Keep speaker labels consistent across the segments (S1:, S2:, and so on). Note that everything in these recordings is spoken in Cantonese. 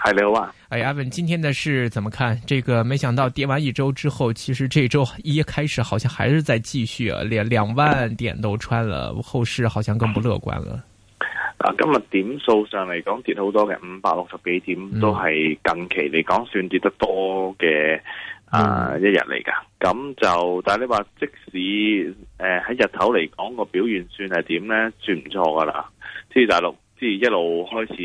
S1: 係啦，哇！
S2: 哎，阿文，今天的事怎麼看？這個沒想到跌完一周之後，其實這周一,一開始好像還是在繼續啊，連兩萬點都穿了，後市好像更不樂觀了。
S1: 啊，今日點數上嚟講跌好多嘅，五百六十幾點都係近期嚟講算跌得多嘅啊、嗯呃、一日嚟噶。咁就但係你話即使誒喺、呃、日頭嚟講個表現算係點咧，算唔錯噶啦。即係大陸。即係一路開始，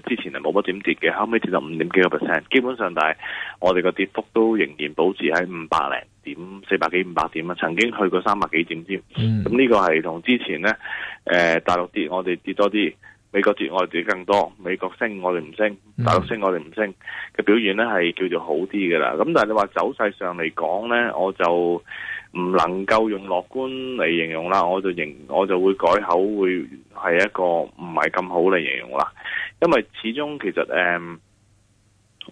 S1: 之前係冇乜點跌嘅，後尾跌到五點幾個 percent，基本上但係我哋個跌幅都仍然保持喺五百零點、四百幾五百點啊，曾經去過三百幾點添。咁呢、嗯、個係同之前呢誒、呃、大陸跌，我哋跌多啲；美國跌，我哋跌更多；美國升，我哋唔升；大陸升，我升，我哋唔升嘅表現呢係叫做好啲嘅啦。咁但係你話走勢上嚟講呢，我就。唔能夠用樂觀嚟形容啦，我就認我就會改口，會係一個唔係咁好嚟形容啦。因為始終其實誒、呃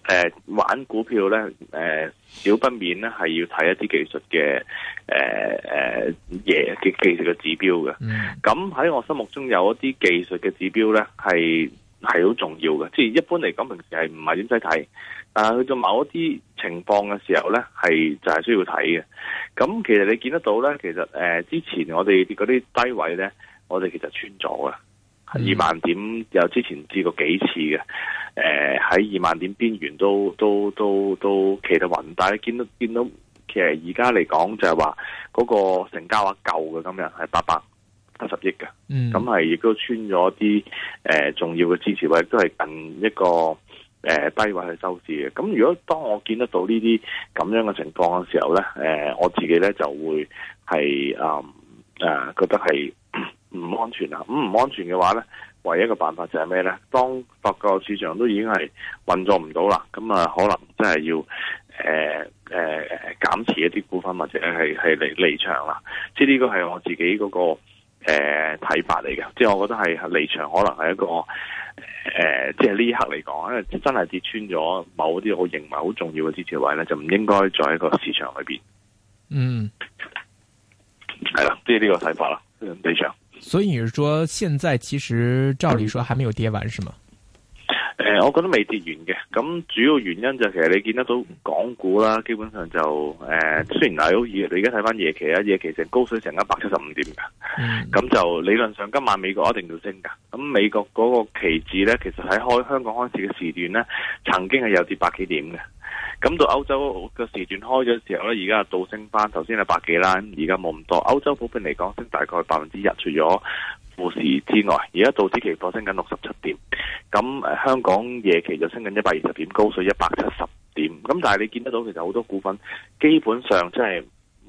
S1: 呃、玩股票咧誒、呃，少不免咧係要睇一啲技術嘅誒誒嘢嘅技術嘅指標嘅。咁喺、mm. 我心目中有一啲技術嘅指標咧係。係好重要嘅，即係一般嚟講，平時係唔係點使睇，但係去到某一啲情況嘅時候咧，係就係、是、需要睇嘅。咁其實你見得到咧，其實誒、呃、之前我哋嗰啲低位咧，我哋其實穿咗噶，二萬點有之前試過幾次嘅，誒喺二萬點邊緣都都都都企得穩，但係見到見到，其實而家嚟講就係話嗰個成交額夠嘅，今日係八百七十億嘅，咁係亦都穿咗啲誒重要嘅支持位，都係近一個誒低位去收市嘅。咁如果當我見得到呢啲咁樣嘅情況嘅時候咧，誒我自己咧就會係誒誒覺得係唔安全啦。咁唔安全嘅話咧，唯一嘅辦法就係咩咧？當發覺市場都已經係運作唔到啦，咁啊可能真係要誒誒誒減持一啲股份，或者係係離離場啦。即係呢個係我自己嗰個。誒，睇、呃、法嚟嘅，即係我覺得係離場，可能係一個誒、呃，即係呢一刻嚟講，因為真係跌穿咗某啲我認為好重要嘅支持位咧，就唔應該再喺個市場裏邊。嗯，係啦，即係呢個睇法啦，離場。
S2: 所以你是說，現在其實照理說，還沒有跌完，是嗎？嗯
S1: 誒、呃，我覺得未跌完嘅，咁主要原因就係其實你見得到港股啦，基本上就誒、呃，雖然係好熱，你而家睇翻夜期啊，夜期成高水成一百七十五點嘅，咁、嗯、就理論上今晚美國一定要升噶，咁美國嗰個期指咧，其實喺開香港開始嘅時段咧，曾經係有跌百幾點嘅，咁到歐洲嘅時段開咗嘅時候咧，而家倒升翻，頭先係百幾啦，而家冇咁多，歐洲普遍嚟講，升大概百分之一，除咗股市之外，而家道指期貨升緊六十七點，咁誒、呃、香港夜期就升緊一百二十點，高水一百七十點。咁但係你見得到其實好多股份基本上真係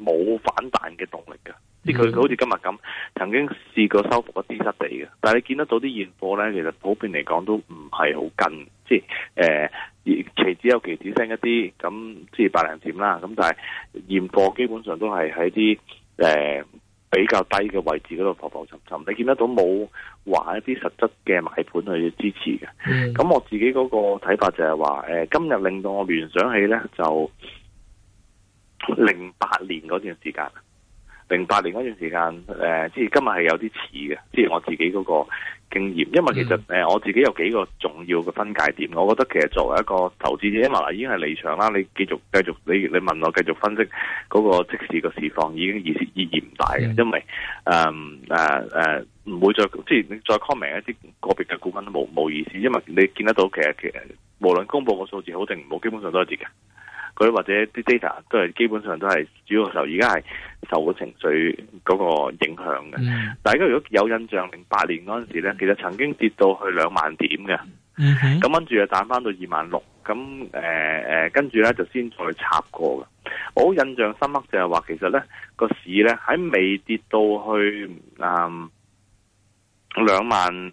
S1: 冇反彈嘅動力嘅，
S3: 即係佢佢好似
S1: 今日咁，曾經試過收復一啲失地嘅。但係你見得到啲現貨咧，其實普遍嚟講都唔係好跟，即係誒期指有期指升一啲，咁即係百零點啦。咁但係現貨基本上都係喺啲誒、呃比較低嘅位置嗰度浮浮沉沉，你見得到冇話一啲實質嘅買盤去支持嘅。咁是我自己嗰個睇法就係話，呃，今日令到我聯想起咧，就零八年嗰段時間。零八年嗰段時間，誒，即係今日係有啲似嘅，即係我自己嗰個經驗。因為其實誒，我自己有幾個重要嘅分界點。我覺得其實作為一個投資者，因為已經係離場啦，你繼續繼續，你你問我繼續分析嗰、那個即時嘅市況，已經意思意義唔大嘅。因為誒誒誒，唔、呃呃呃、會再即係你再 comment 一啲個別嘅股份都冇冇意思，因為你見得到其實其實無論公布個數字好定唔好，基本上都係跌嘅。或者啲 data 都係基本上都係主要就而家係受個情緒嗰個影響嘅。Mm hmm. 但係而家如果有印象，零八年嗰陣時咧，hmm. 其實曾經跌到去兩萬點嘅，咁跟住又彈翻到二萬六，咁誒跟住咧就先再插過嘅。我好印象深刻就係話其實咧個市咧喺未跌到去嗯。呃兩萬誒，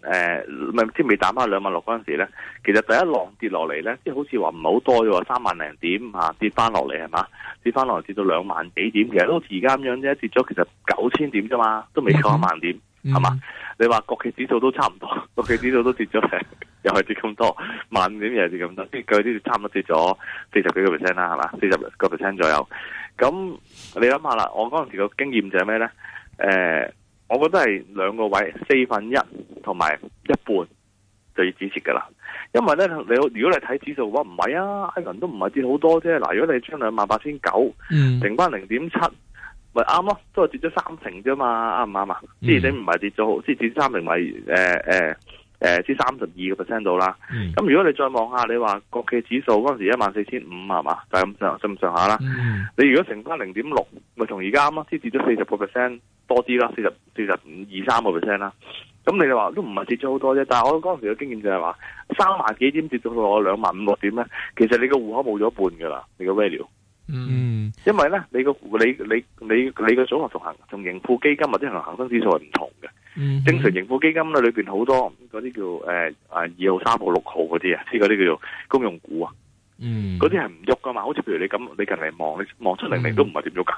S1: 咪即係未打翻兩萬六嗰陣時咧，其實第一浪跌落嚟咧，即係好似話唔係好多嘅喎，三萬零點吓跌翻落嚟係嘛，跌翻落嚟跌到兩萬幾點嘅，其實都好似而家咁樣啫，跌咗其實九千點啫嘛，都未夠一萬點係嘛？你話國企指數都差唔多，國企指數都跌咗， 又係跌咁多萬點，又係跌咁多，即係佢啲差唔多跌咗四十幾個 percent 啦，係嘛，四十個 percent 左右。咁你諗下啦，我嗰陣時嘅經驗就係咩咧？誒、呃。我覺得係兩個位四分一同埋一半就要止蝕㗎啦，因為咧你如果你睇指數嘅話，唔係啊，阿人都唔係跌好多啫。嗱，如果你出兩萬八千九，乘翻零點七，咪啱咯，都係跌咗三成啫嘛，啱唔啱啊？啲、嗯、你唔係跌咗，即係跌三成，咪誒誒誒，三十二個 percent 度啦。咁、呃嗯、如果你再望下，你話國企指數嗰陣時一萬四千五係嘛，就咁、係、上咁上下啦。嗯、你如果乘翻零點六，咪同而家啱咯，即係跌咗四十個 percent。多啲啦，四十、四十五、二三個 percent 啦。咁你就話都唔係跌咗好多啫。但係我嗰陣時嘅經驗就係、是、話，三萬幾點跌到去兩萬五個點咧，其實你個戶口冇咗一半噶啦，你個 value。嗯，因為咧，你個你你你你個組合同恒同盈富基金或者同恒生指數係唔同嘅。嗯。正常盈富基金咧，裏邊好多嗰啲叫誒、呃、二號、三號、六號嗰啲啊，即係嗰啲叫做公用股啊。嗯。嗰啲係唔喐噶嘛？好似譬如你咁，你近嚟望，你望出嚟嚟、嗯、都唔係點喐噶。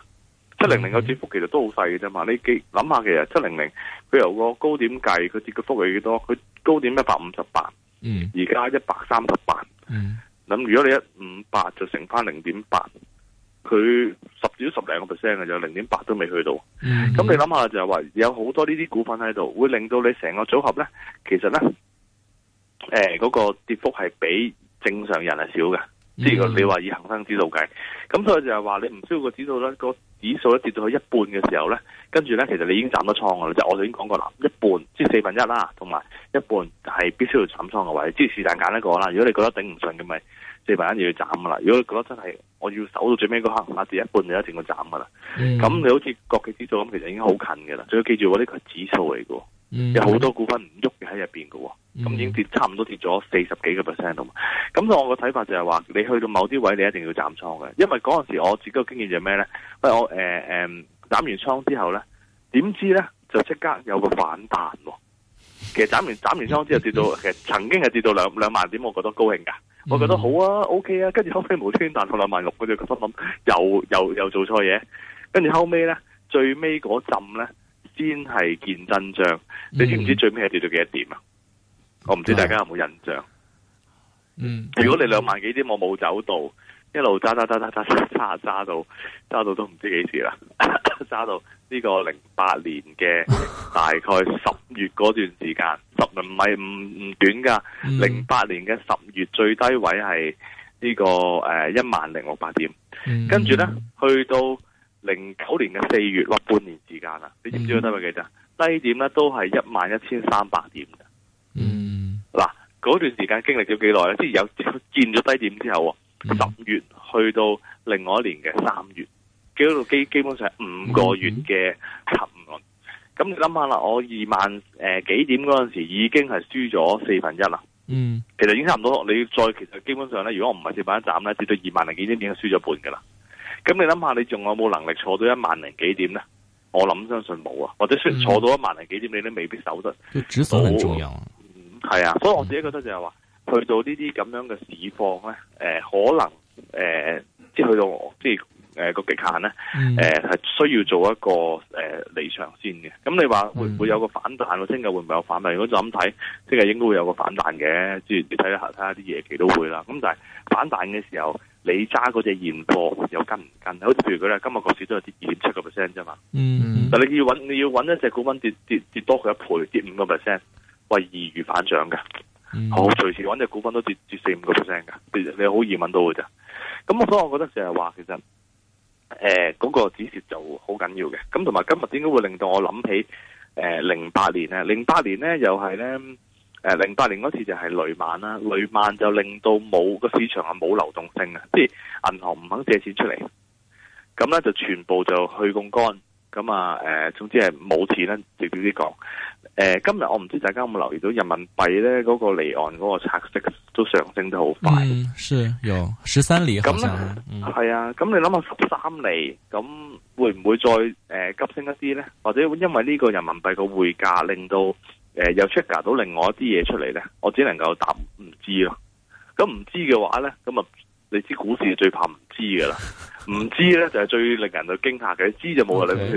S1: 七零零嘅跌幅其實都好細嘅啫嘛，你幾諗下其實七零零佢由個高點計佢跌嘅幅係幾多？佢高點一百五十八，而家一百三十八。諗、hmm. 如果你一五八就乘翻零點八，佢十點十零個 percent 啊，有零點八都未去到。咁、mm hmm. 你諗下就係話有好多呢啲股份喺度，會令到你成個組合咧，其實咧，誒、呃、嗰、那個跌幅係比正常人係少嘅。即係、mm hmm. 你話以恒生指數計，咁所以就係話你唔需要個指數咧，個指數咧跌到去一半嘅時候咧，跟住咧其實你已經斬咗倉㗎啦。即係我頭先講過啦，一半即係四分一啦，同埋一半係必須要斬倉嘅位。即係是但揀一個啦，如果你覺得頂唔順，咁、就、咪、是、四分一就要斬㗎啦。如果你覺得真係我要守到最尾嗰刻，下跌一半就一定要斬㗎啦。咁、mm hmm. 你好似國企指數咁，其實已經好近㗎啦。只要記住，我呢個係指數嚟嘅，mm hmm. 有好多股份唔喐。Mm hmm. 唔喐喺入邊嘅，咁、嗯、已經跌差唔多跌咗四十幾個 percent 度。咁我個睇法就係話，你去到某啲位，你一定要斬倉嘅，因為嗰陣時我自己經驗就係咩咧？喂，我誒誒斬完倉之後咧，點知咧就即刻有個反彈、哦。其實斬完斬完倉之後跌到，其實曾經係跌到兩兩萬點，我覺得高興噶，嗯、我覺得好啊，OK 啊。跟住後尾無端端彈到兩萬六，我就覺得諗又又又做錯嘢。跟住後尾咧，最尾嗰陣咧。先係見真章，你知唔知最尾係跌到幾多點啊？我唔知大家有冇印象。
S3: 嗯，
S1: 如果你兩萬幾點我冇走到，一路揸揸揸揸揸揸揸到揸到都唔知幾時啦，揸到呢個零八年嘅大概十月嗰段時間，十唔係唔唔短噶。零八年嘅十月最低位係呢個誒一萬零六百點，跟住咧去到。零九年嘅四月，落半年時間啦，你知唔知啊？得位幾多？低點咧都係一萬一千三百點嘅。嗯，嗱，嗰段時間經歷咗幾耐咧？即係有見咗低點之後，十、嗯、月去到另外一年嘅三月，搞到基基本上係五個月嘅沉淪。咁、嗯嗯、你諗下啦，我二萬誒、呃、幾點嗰陣時候已經係輸咗四分一啦。嗯，其實已經差唔多。你再其實基本上咧，如果我唔係接分一斬咧，至到二萬零幾點已經輸咗半噶啦。咁你諗下，你仲有冇能力坐到一萬零幾點咧？我諗相信冇啊，或者雖然坐到一萬零幾點，嗯、你都未必守得。對
S3: 止損好重要。嗯，
S1: 係啊，所以我自己覺得就係話，去到呢啲咁樣嘅市況咧，誒、呃，可能誒、呃，即係去到即係誒個極限咧，誒、呃、係需要做一個誒離、呃、場先嘅。咁你話會唔會有個反彈？聽日、嗯、會唔會有反彈？如果就咁睇，聽日應該會有個反彈嘅。即係你睇下睇下啲夜期都會啦。咁但係反彈嘅時候。你揸嗰隻現貨又跟唔跟？好似譬如佢咧，今日個市都有跌二點七個 percent 啫嘛。嗯嗯。Mm hmm. 但你要揾你要揾一隻股份跌跌跌多佢一倍，跌五個 percent，喂，易如反掌嘅。好、mm hmm. 哦，隨時揾隻股份都跌跌四五個 percent 㗎，你好易揾到㗎咋？咁所以我覺得就係話，其實誒嗰、呃嗰個指數就好緊要嘅。咁同埋今日點解會令到我諗起誒零八年咧？零八年咧又係咧。誒，零八，呃、年嗰次就係雷曼啦，雷曼就令到冇個市場啊冇流動性啊，即係銀行唔肯借錢出嚟，咁咧就全部就去槓桿，咁啊誒、呃，總之係冇錢呢，直接啲講。誒、呃，今日我唔知大家有冇留意到人民幣咧嗰個離岸嗰個拆息都上升得好
S3: 快。嗯，是有十三厘。咁呢，
S1: 係、嗯、啊，咁你諗下十三厘，咁會唔會再誒、呃、急升一啲咧？或者因為呢個人民幣個匯價令到？誒又 check 到另外一啲嘢出嚟咧，我只能夠答唔知咯。咁唔知嘅話咧，咁啊，你知股市最怕唔知噶啦，唔知咧就係最令人去驚嚇嘅。知就冇啦。你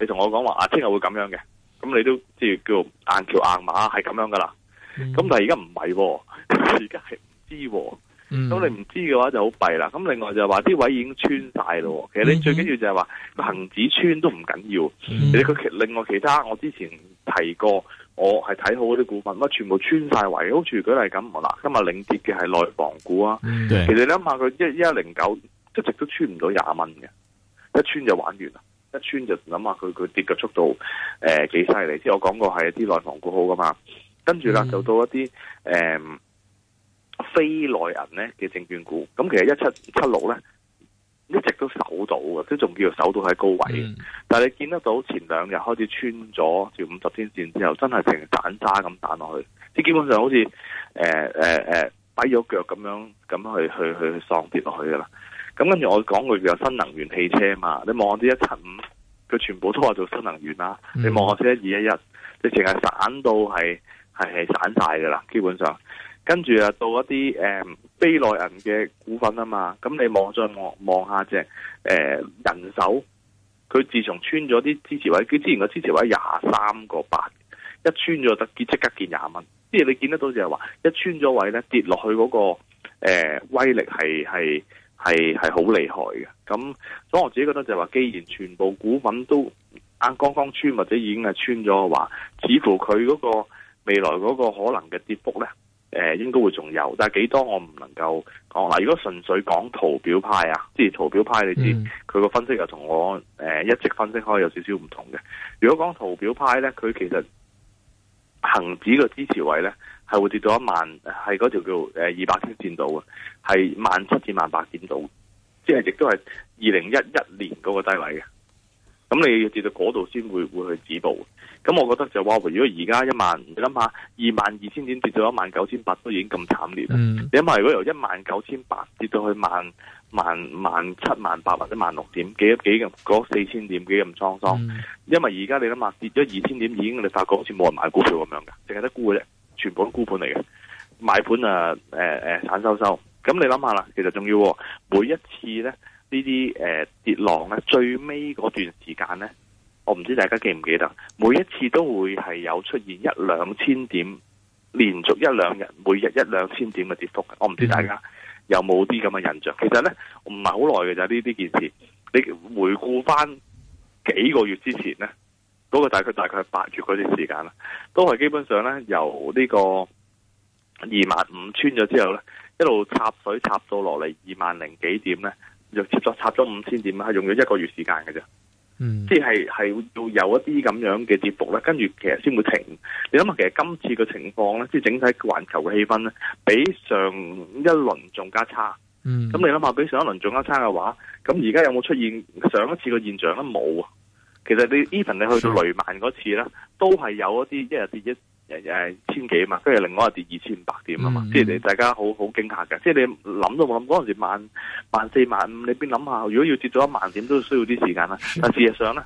S1: 你同我講話啊，聽日會咁樣嘅，咁你都即係叫硬橋硬馬係咁樣噶啦。咁、嗯、但係而家唔係喎，而家係唔知喎。咁、嗯、你唔知嘅話就好弊啦。咁另外就係話啲位已經穿晒咯。其實你最緊要就係話個恆指穿都唔緊要。你佢其另外其他我之前提過。我係睇好嗰啲股份，乜全部穿晒圍，好似舉例咁，嗱，今日領跌嘅係內房股啊。Mm hmm. 其實你諗下，佢一一零九一直都穿唔到廿蚊嘅，一穿就玩完啦。一穿就諗下佢佢跌嘅速度誒幾犀利。即係我講過係一啲內房股好㗎嘛，跟住啦就到一啲誒、呃、非內銀咧嘅證券股，咁其實一七七六咧。一直都守到嘅，都仲叫守到喺高位。嗯、但你見得到前兩日開始穿咗條五十天線之後，真係成散渣咁彈落去，即係基本上好似誒誒誒跛咗腳咁樣咁去去去喪跌落去㗎啦。咁跟住我講佢有新能源汽車啊嘛，你望啲一層佢全部都話做新能源啦。你望下啲一二一一，你係成日散到係係係散晒㗎啦，基本上。跟住啊，到一啲誒、嗯、非內銀嘅股份啊嘛，咁你望再望望下隻誒人手，佢自從穿咗啲支持位，佢之前個支持位廿三個八，一穿咗得，即刻見廿蚊、那個。即係你見得到就係話，一穿咗位咧跌落去嗰個威力係係係係好厲害嘅。咁所以我自己覺得就係話，既然全部股份都啱剛剛穿或者已經係穿咗嘅話，似乎佢嗰、那個未來嗰個可能嘅跌幅咧。誒，應該會仲有，但係幾多我唔能夠講。嗱，如果純粹講圖表派啊，即係圖表派，表派你知佢個、嗯、分析又同我誒、呃、一直分析開有少少唔同嘅。如果講圖表派咧，佢其實恒指個支持位咧係會跌到一萬，係嗰條叫誒二百天綫度嘅，係萬七至萬八線度，即係亦都係二零一一年嗰個低位嘅。咁你要跌到嗰度先會會去止步，咁我覺得就話、是，如果而家一萬，你諗下二萬二千點跌到一萬九千八都已經咁慘烈，嗯、你諗下如果由一萬九千八跌到去萬萬萬七萬八或者萬六點，幾幾咁嗰四千點幾咁滄桑，嗯、因為而家你諗下跌咗二千點已經，你發覺好似冇人買股票咁樣嘅，淨係得沽嘅，全部都沽盤嚟嘅，買盤啊誒誒散收收，咁、呃呃、你諗下啦，其實仲要每一次咧。呃、呢啲誒跌浪咧，最尾嗰段時間咧，我唔知大家記唔記得，每一次都會係有出現一兩千點，連續一兩日，每日一兩千點嘅跌幅嘅。我唔知大家有冇啲咁嘅印象。其實咧，唔係好耐嘅就係呢啲件事。你回顧翻幾個月之前咧，嗰、嗰個大概大概係八月嗰段時間啦，都係基本上咧由呢個二萬五穿咗之後咧，一路插水插到落嚟二萬零幾點咧。又接咗插咗五千點啊，係用咗一個月時間嘅啫，嗯，即係係要有一啲咁樣嘅跌幅咧，跟住其實先會停。你諗下，其實今次嘅情況咧，即係整體環球嘅氣氛咧，比上一輪仲加差。嗯，咁你諗下，比上一輪仲加差嘅話，咁而家有冇出現上一次嘅現象咧？冇啊。其實你 even 你去到雷曼嗰次咧，都係有一啲一日跌一。誒、嗯嗯、千幾啊嘛，跟住另外又跌二千五百點啊嘛，即係你大家好好驚嚇嘅，即係你諗都冇諗，嗰陣時萬萬四萬五，你邊諗下？如果要跌咗一萬點，都需要啲時間啦、啊。但事實上咧，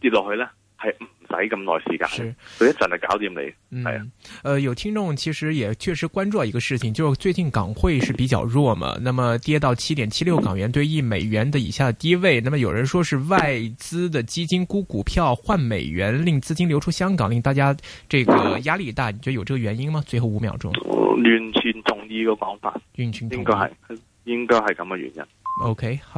S1: 跌落去咧係，是使咁耐時間，佢一陣嚟搞掂你。係、
S2: 呃、啊，有聽眾其實也確實關注到一個事情，就是、最近港匯是比較弱嘛，那麼跌到七點七六港元對一美元的以下的低位，那麼有人說是外資的基金沽股票換美元，令資金流出香港，令大家這個壓力大，你覺得有這個原因嗎？最後五秒鐘，
S1: 完全同意個講法，應該係應該係咁嘅原因。
S2: OK。